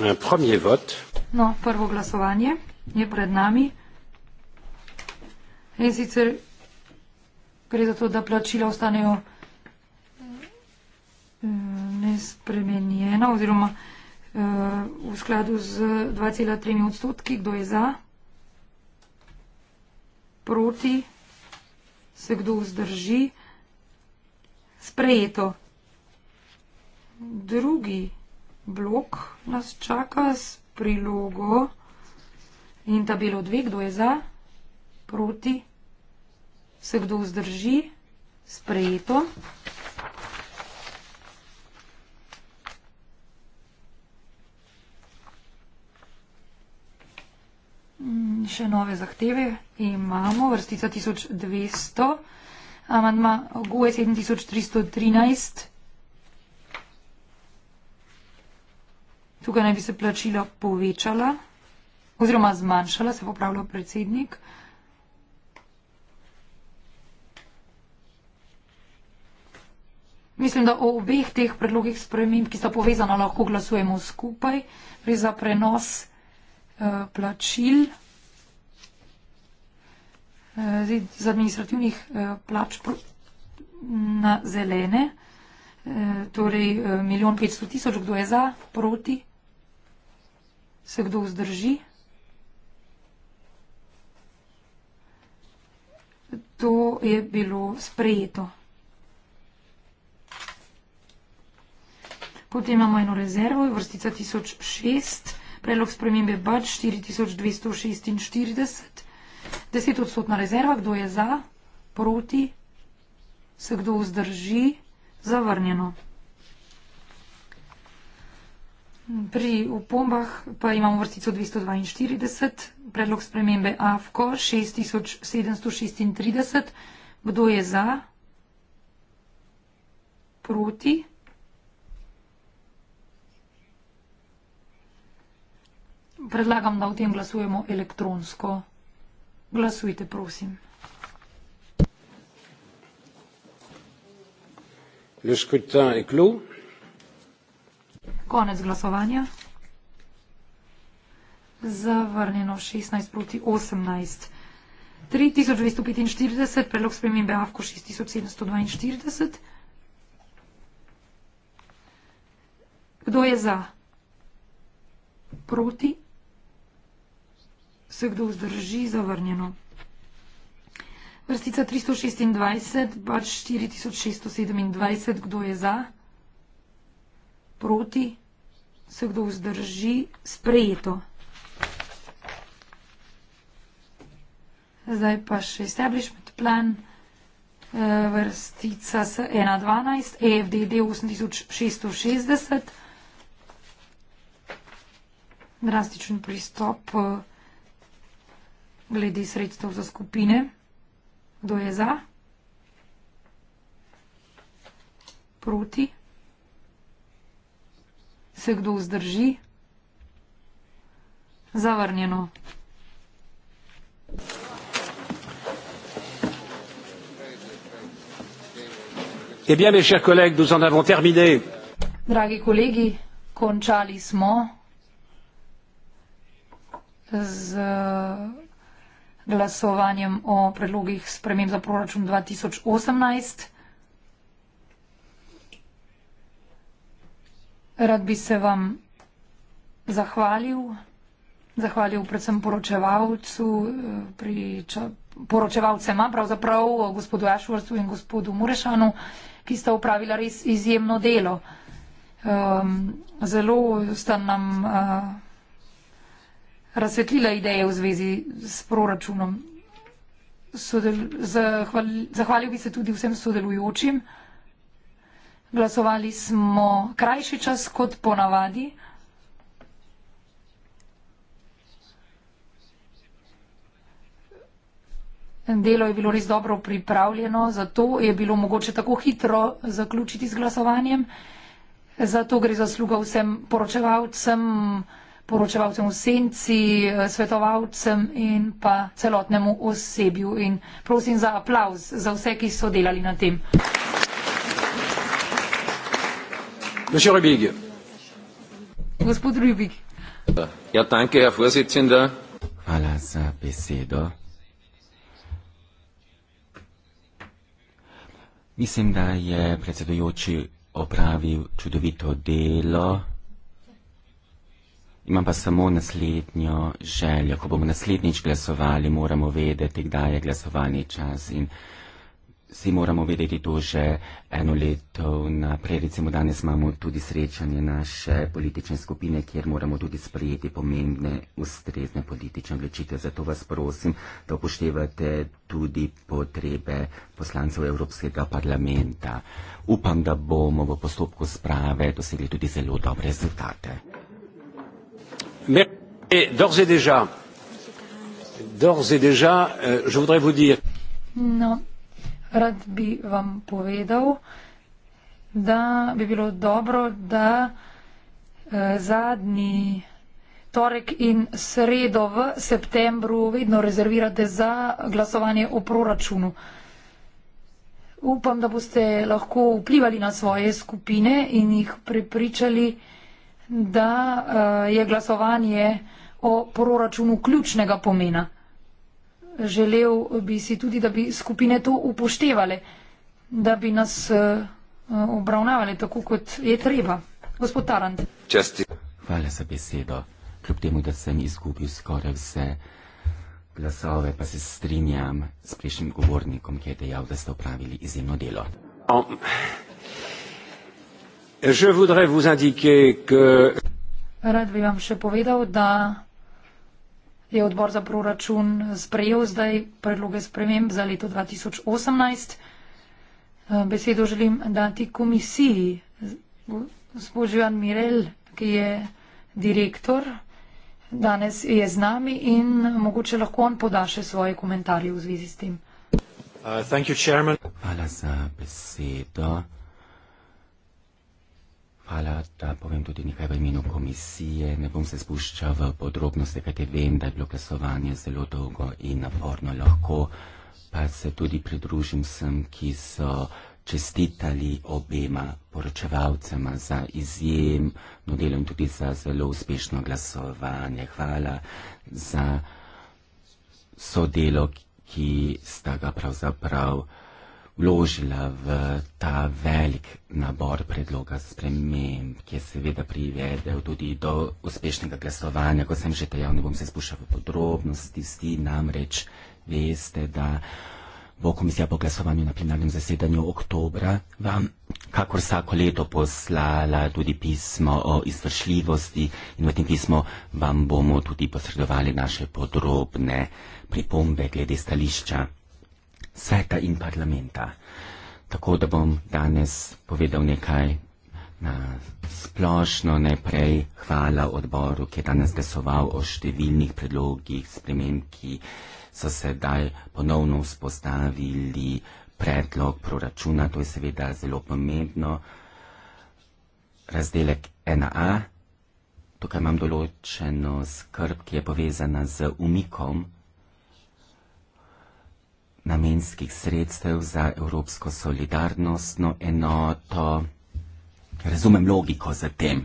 un premier vote. No, prvo glasovanje je pred nami. In sicer gre za to, da plačila ostanejo eh, nespremenjena oziroma eh, v skladu z 2,3 odstotki, kdo je za, proti, se kdo vzdrži, sprejeto. Drugi blok nas čaka s prilogo in tabelo 2, kdo je za, proti, proti. Vse, kdo vzdrži, sprejeto. Mm, še nove zahteve imamo, vrstica 1200, amadma GUE 7313. Tukaj naj bi se plačila povečala oziroma zmanjšala, se popravlja predsednik. Mislim, da o obeh teh predlogih sprememb, ki sta povezana, lahko glasujemo skupaj. Gre za prenos uh, plačil uh, z administrativnih uh, plač na zelene. Uh, torej, milijon petsto tisoč, kdo je za, proti, se kdo vzdrži. To je bilo sprejeto. Potem imamo eno rezervo, vrstica 1006, predlog spremembe BAD 4246. 10 odstotna rezerva, kdo je za, proti, se kdo vzdrži, zavrnjeno. Pri upombah pa imamo vrstico 242, predlog spremembe AFKO 6736, kdo je za, proti. Predlagam, da o tem glasujemo elektronsko. Glasujte, prosim. Le scrutin est clos. Konec glasovanja. Zavrnjeno 16 proti 18. 3245, predlog spremembe AFKO 6742. Kdo je za? Proti? se kdo vzdrži, zavrnjeno. Vrstica 326, pač 4627, kdo je za, proti, se kdo vzdrži, sprejeto. Zdaj pa še establishment plan, eh, vrstica S112, EFDD 8660, drastičen pristop vrstica. Eh, glede sredstev za skupine. Kdo je za? Proti? Se kdo vzdrži? Zavrnjeno. Eh bien, mes chers collègues, nous en avons terminé. Dragi kolegi, končali smo z uh, glasovanjem o predlogih sprejem za proračun 2018. Rad bi se vam zahvalil, zahvalil predvsem poročevalcu, eh, pri poročevalcema, pravzaprav gospodu Ashworthu in gospodu Murešanu, ki sta upravila res izjemno delo. Um, zelo sta nam uh, razsvetlila ideje v zvezi s proračunom. Sodel, zahval, zahvalil bi se tudi vsem sodelujočim. Glasovali smo krajši čas kot ponavadi. Delo je bilo res dobro pripravljeno, zato je bilo mogoče tako hitro zaključiti z glasovanjem. Zato gre zasluga vsem poročevalcem poročevalcem v senci, eh, svetovalcem in pa celotnemu osebju. In prosim za aplauz za vse, ki so delali na tem. Gospod Rubik. Ja, tanke, ja, da. Hvala za besedo. Mislim, da je predsedujoči opravil čudovito delo. Imam pa samo naslednjo željo. Ko bomo naslednjič glasovali, moramo vedeti, kdaj je glasovalni čas. In vsi moramo vedeti to že eno leto naprej. Recimo danes imamo tudi srečanje naše politične skupine, kjer moramo tudi sprejeti pomembne, ustrezne politične odločitve. Zato vas prosim, da upoštevate tudi potrebe poslancev Evropskega parlamenta. Upam, da bomo v postopku sprave dosegli tudi zelo dobre rezultate d'ores et déjà d'ores et déjà euh, je voudrais vous dire no. rad bi vam povedal, da bi bilo dobro, da eh, zadnji torek in sredo v septembru vedno rezervirate za glasovanje o proračunu. Upam, da boste lahko vplivali na svoje skupine in jih prepričali, da eh, je glasovanje o proračunu ključnega pomena. Želel bi si tudi, da bi skupine to upoštevale, da bi nas eh, eh, obravnavale tako, kot je treba. Gospod Tarant. Česti. Hvala za besedo. Kljub temu, da sem izgubil skoraj vse glasove, pa se strinjam s prejšnjim govornikom, ki je dejal, da ste upravili izjemno delo. Um. Rad bi vam še povedal, da je odbor za proračun sprejel zdaj predloge sprememb za leto 2018. Eh, besedo želim dati komisiji, gospod Žuan Mirel, ki je direktor, danes je z nami in mogoče lahko on poda še svoje komentarje v zvezi s tem. Uh, you, Hvala za besedo. Hvala, da povem tudi nekaj v imenu komisije. Ne bom se spuščal v podrobnosti, kajte vem, da je bilo glasovanje zelo dolgo in naporno lahko, pa se tudi pridružim sem, ki so čestitali obema poročevalcema za izjemno delo in tudi za zelo uspešno glasovanje. Hvala za sodelo, ki sta ga pravzaprav. Prav vložila v ta velik nabor predloga sprememb, ki je seveda privedel tudi do uspešnega glasovanja. Ko sem že tajal, ne bom se spuščal v podrobnosti, vsi namreč veste, da bo komisija po glasovanju na plenarnem zasedanju oktobra vam, kakor vsako leto, poslala tudi pismo o izvršljivosti in v tem pismo vam bomo tudi posredovali naše podrobne pripombe glede stališča sveta in parlamenta. Tako da bom danes povedal nekaj na splošno. Najprej hvala odboru, ki je danes glasoval o številnih predlogih sprememb, ki so sedaj ponovno vzpostavili predlog proračuna. To je seveda zelo pomembno. Razdelek 1a. Tukaj imam določeno skrb, ki je povezana z umikom namenskih sredstev za evropsko solidarnostno enoto. Razumem logiko za tem,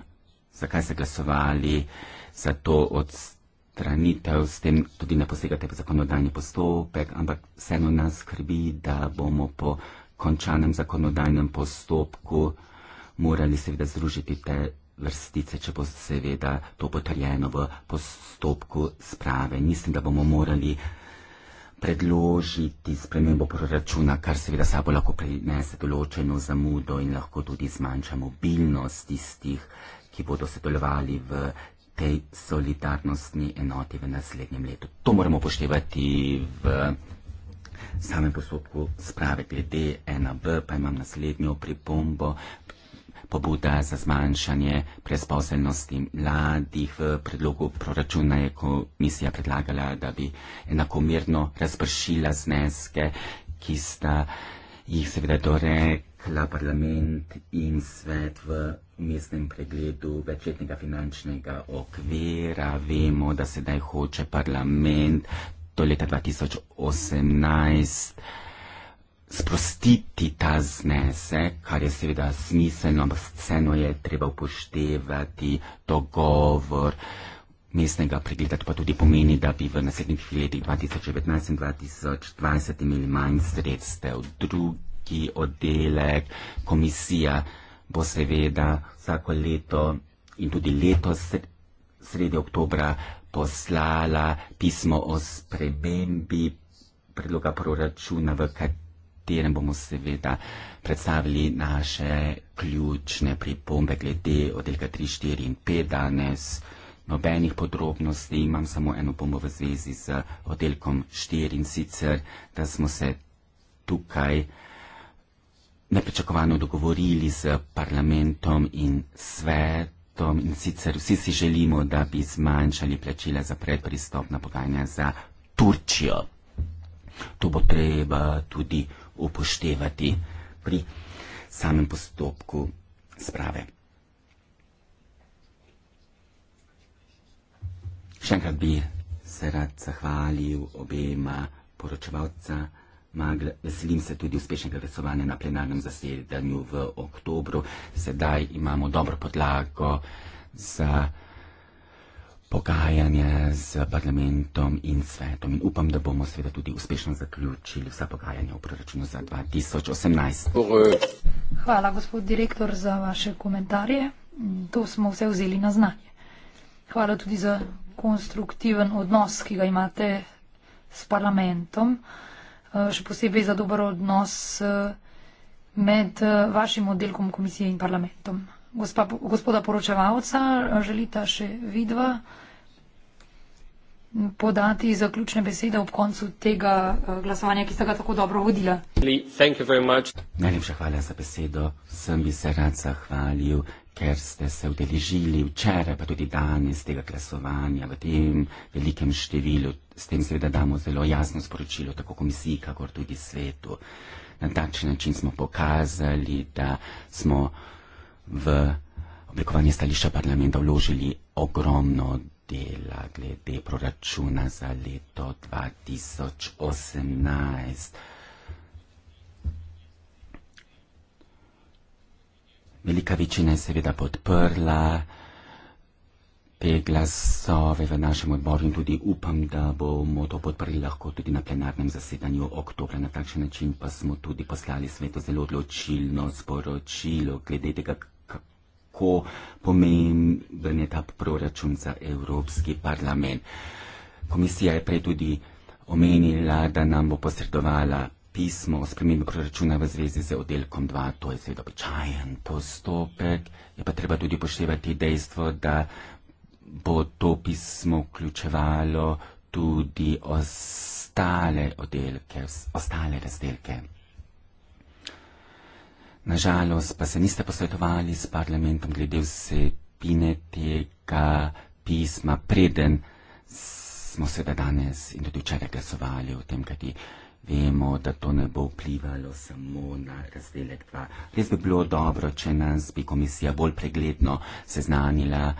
zakaj ste glasovali za to odstranitev, s tem tudi ne posegate v zakonodajni postopek, ampak vseeno nas skrbi, da bomo po končanem zakonodajnem postopku morali seveda združiti te vrstice, če bo seveda to potrjeno v postopku sprave. Mislim, da bomo morali predložiti spremembo proračuna, kar seveda sabo lahko prinese določeno zamudo in lahko tudi zmanjša mobilnost tistih, ki bodo sodelovali v tej solidarnostni enoti v naslednjem letu. To moramo poštevati v samem postopku sprave glede 1B, pa imam naslednjo pripombo pobuda za zmanjšanje brezposelnosti mladih v predlogu proračuna je komisija predlagala, da bi enakomerno razpršila zneske, ki sta jih seveda dorekla parlament in svet v mestnem pregledu večletnega finančnega okvira. Vemo, da sedaj hoče parlament do leta 2018 sprostiti ta znesek, kar je seveda smiselno, ampak sceno je treba upoštevati, dogovor mestnega pregleda, to pa tudi pomeni, da bi v naslednjih letih 2019 in 2020 imeli manj sredstev. Drugi oddelek, komisija bo seveda vsako leto in tudi leto sredi oktobra poslala pismo o spremembi predloga proračuna, v katerem katerem bomo seveda predstavili naše ključne pripombe glede oddelka 3, 4 in 5 danes. Nobenih podrobnosti, imam samo eno pomo v zvezi z oddelkom 4 in sicer, da smo se tukaj nepričakovano dogovorili z parlamentom in svetom in sicer vsi si želimo, da bi zmanjšali plačila za predpristopna pogajanja za Turčijo. To bo treba tudi upoštevati pri samem postopku sprave. Še enkrat bi se rad zahvalil obema poročevalca. Magl, veselim se tudi uspešnega glasovanja na plenarnem zasedanju v oktobru. Sedaj imamo dobro podlago za pogajanja z parlamentom in svetom in upam, da bomo seveda tudi uspešno zaključili vsa pogajanja v proračunu za 2018. Hvala, gospod direktor, za vaše komentarje. To smo vse vzeli na znanje. Hvala tudi za konstruktiven odnos, ki ga imate s parlamentom, eh, še posebej za dober odnos eh, med eh, vašim oddelkom komisije in parlamentom. Gospa, gospoda poročevalca, želita še vidva? podati zaključne besede ob koncu tega eh, glasovanja, ki ste ga tako dobro vodila. Najlepša hvala za besedo. Sem bi se rad zahvalil, ker ste se udeležili včeraj, pa tudi danes tega glasovanja v tem velikem številu. S tem seveda damo zelo jasno sporočilo tako komisiji, kakor tudi svetu. Na takšen način smo pokazali, da smo v oblikovanje stališča parlamenta vložili ogromno dela glede proračuna za leto 2018. Velika večina je seveda podprla te glasove v našem odboru in tudi upam, da bomo to podprli lahko tudi na plenarnem zasedanju oktobra. Na takšen način pa smo tudi poslali svetu zelo odločilno sporočilo glede tega, kako pomemben je ta proračun za Evropski parlament. Komisija je prej tudi omenila, da nam bo posredovala pismo o spremembi proračuna v zvezi z oddelkom 2. To je seveda običajen postopek. Je pa treba tudi upoštevati dejstvo, da bo to pismo vključevalo tudi ostale oddelke, ostale razdelke Nažalost pa se niste posvetovali s parlamentom glede vsebine tega pisma, preden smo seveda danes in tudi včeraj glasovali o tem, kajti vemo, da to ne bo vplivalo samo na razdelek 2. Res bi bilo dobro, če nas bi komisija bolj pregledno seznanila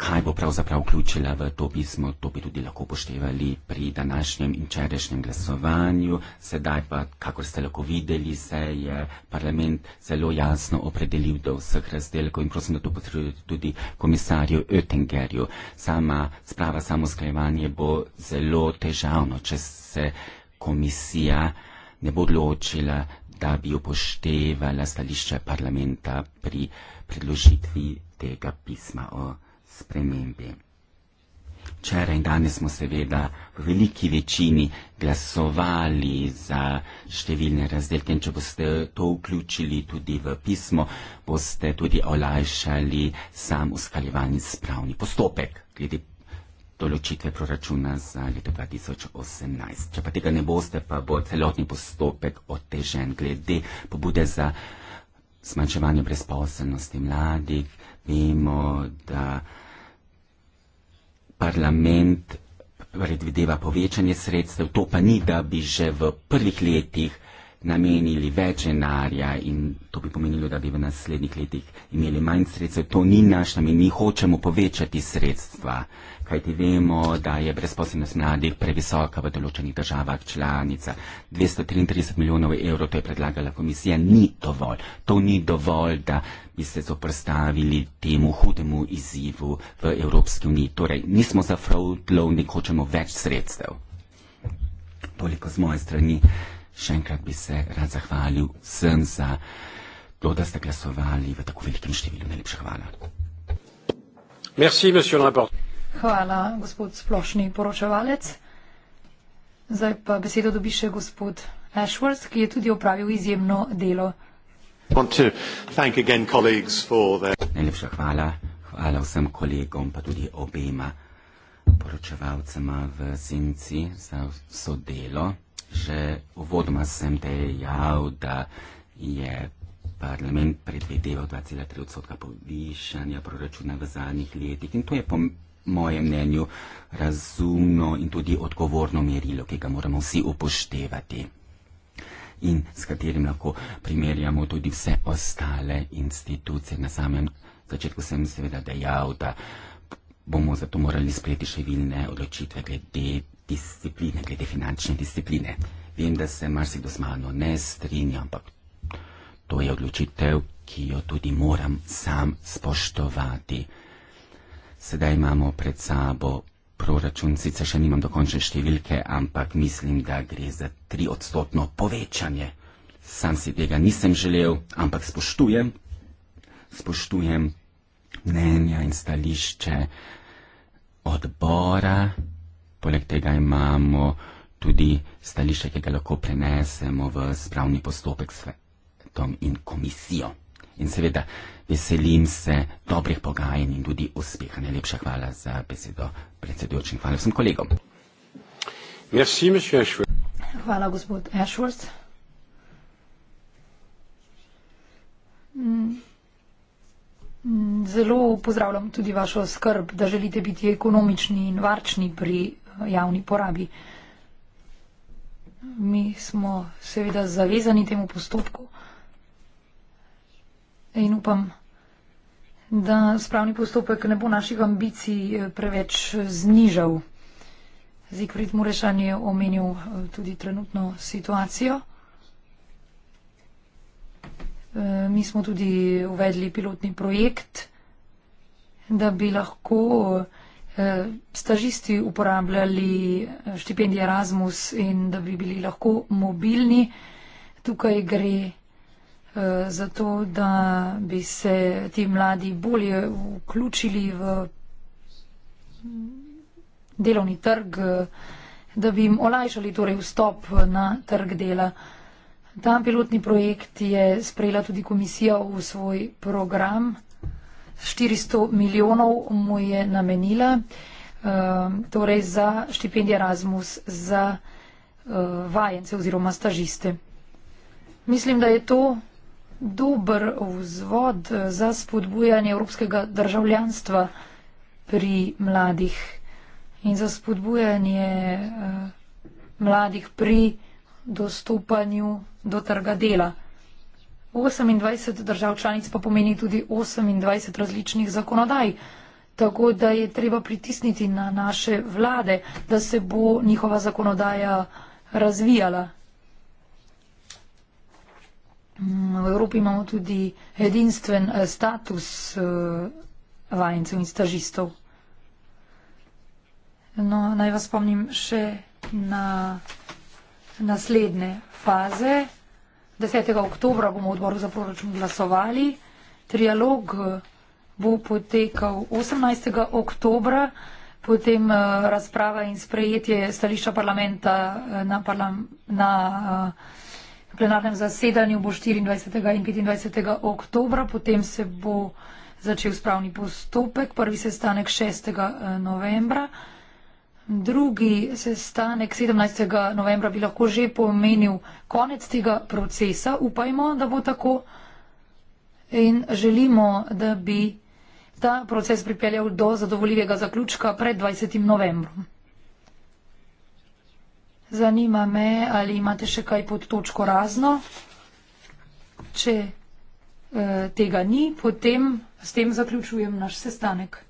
kaj bo pravzaprav vključila v to pismo, to bi tudi lahko poštevali pri današnjem in čerešnjem glasovanju. Sedaj pa, kakor ste lahko videli, se je parlament zelo jasno opredelil do vseh razdelkov in prosim, da to potrebujete tudi komisarju Oettingerju. Sama sprava, samo sklejevanje bo zelo težavno, če se komisija ne bo odločila, da bi upoštevala stališče parlamenta pri predložitvi tega pisma o spremembi. Včeraj in danes smo seveda v veliki večini glasovali za številne razdelke in če boste to vključili tudi v pismo, boste tudi olajšali sam uskaljevanje spravni postopek glede določitve proračuna za leto 2018. Če pa tega ne boste, pa bo celotni postopek otežen glede pobude za zmanjševanje brezposelnosti mladih. Vemo, da parlament predvideva povečanje sredstev, to pa ni, da bi že v prvih letih namenili več denarja in to bi pomenilo, da bi v naslednjih letih imeli manj sredstev. To ni naš namen, mi hočemo povečati sredstva, kajti vemo, da je brezposobnost mladih previsoka v določenih državah članica. 233 milijonov evrov, to je predlagala komisija, ni dovolj. To ni dovolj, da bi se zoprstavili temu hudemu izzivu v Evropski uniji. Torej, nismo za fraudlovnik, hočemo več sredstev. Toliko z moje strani še enkrat bi se rad zahvalil vsem za to, da ste glasovali v tako velikem številu. Najlepša hvala. Merci, hvala, gospod splošni poročevalec. Zdaj pa besedo dobi še gospod Ashworth, ki je tudi opravil izjemno delo. Najlepša hvala. Hvala vsem kolegom, pa tudi obema poročevalcema v Sinci za sodelo že uvodoma sem dejal, da je parlament predvideval 2,3 odstotka povišanja proračuna v zadnjih letih in to je po mojem mnenju razumno in tudi odgovorno merilo, ki ga moramo vsi upoštevati in s katerim lahko primerjamo tudi vse ostale institucije. Na samem začetku sem seveda dejal, da bomo zato morali sprejeti številne odločitve glede discipline, glede finančne discipline. Vem, da se marsikdo z mano ne strinja, ampak to je odločitev, ki jo tudi moram sam spoštovati. Sedaj imamo pred sabo proračun, sicer še nimam dokončne številke, ampak mislim, da gre za tri odstotno povečanje. Sam si tega nisem želel, ampak spoštujem, spoštujem mnenja in stališče odbora, Poleg tega imamo tudi stališče, ki ga lahko prenesemo v spravni postopek s svetom in komisijo. In seveda veselim se dobrih pogajanj in tudi uspeha. Najlepša hvala za besedo predsedujočim. Hvala vsem kolegom. Merci, hvala, gospod Ashworth. Mm. Mm, zelo pozdravljam tudi vašo skrb, da želite biti ekonomični in varčni pri javni porabi. Mi smo seveda zavezani temu postopku in upam, da spravni postopek ne bo naših ambicij eh, preveč eh, znižal. Zikrit Murešan je omenil eh, tudi trenutno situacijo. Mi smo tudi uvedli pilotni projekt, da bi lahko Eh, stažisti uporabljali eh, štipendije Erasmus in da bi bili lahko mobilni. Tukaj gre eh, za to, da bi se ti mladi bolje vključili v delovni trg, da bi jim olajšali torej vstop na trg dela. Ta pilotni projekt je sprejela tudi komisija v svoj program. 400 milijonov mu je namenila, ehm, torej za štipendije Erasmus za eh, vajence oziroma stažiste. Mislim, da je to dober vzvod eh, za spodbujanje evropskega državljanstva pri mladih in za spodbujanje eh, mladih pri dostopanju do trga dela. 28 držav članic pa pomeni tudi 28 različnih zakonodaj. Tako da je treba pritisniti na naše vlade, da se bo njihova zakonodaja razvijala. V Evropi imamo tudi edinstven eh, status eh, vajencev in stažistov. No, naj vas spomnim še na naslednje faze. 10. oktobra bomo v odboru za proračun glasovali. Trialog eh, bo potekal 18. oktobra, potem eh, razprava in sprejetje stališča parlamenta eh, na, parlam, na plenarnem zasedanju bo 24. in 25. oktobra, potem se bo začel spravni postopek, prvi sestanek 6. novembra drugi sestanek 17. novembra bi lahko že pomenil konec tega procesa. Upajmo, da bo tako in želimo, da bi ta proces pripeljal do zadovoljivega zaključka pred 20. novembrom. Zanima me, ali imate še kaj pod točko razno. Če eh, tega ni, potem s tem zaključujem naš sestanek.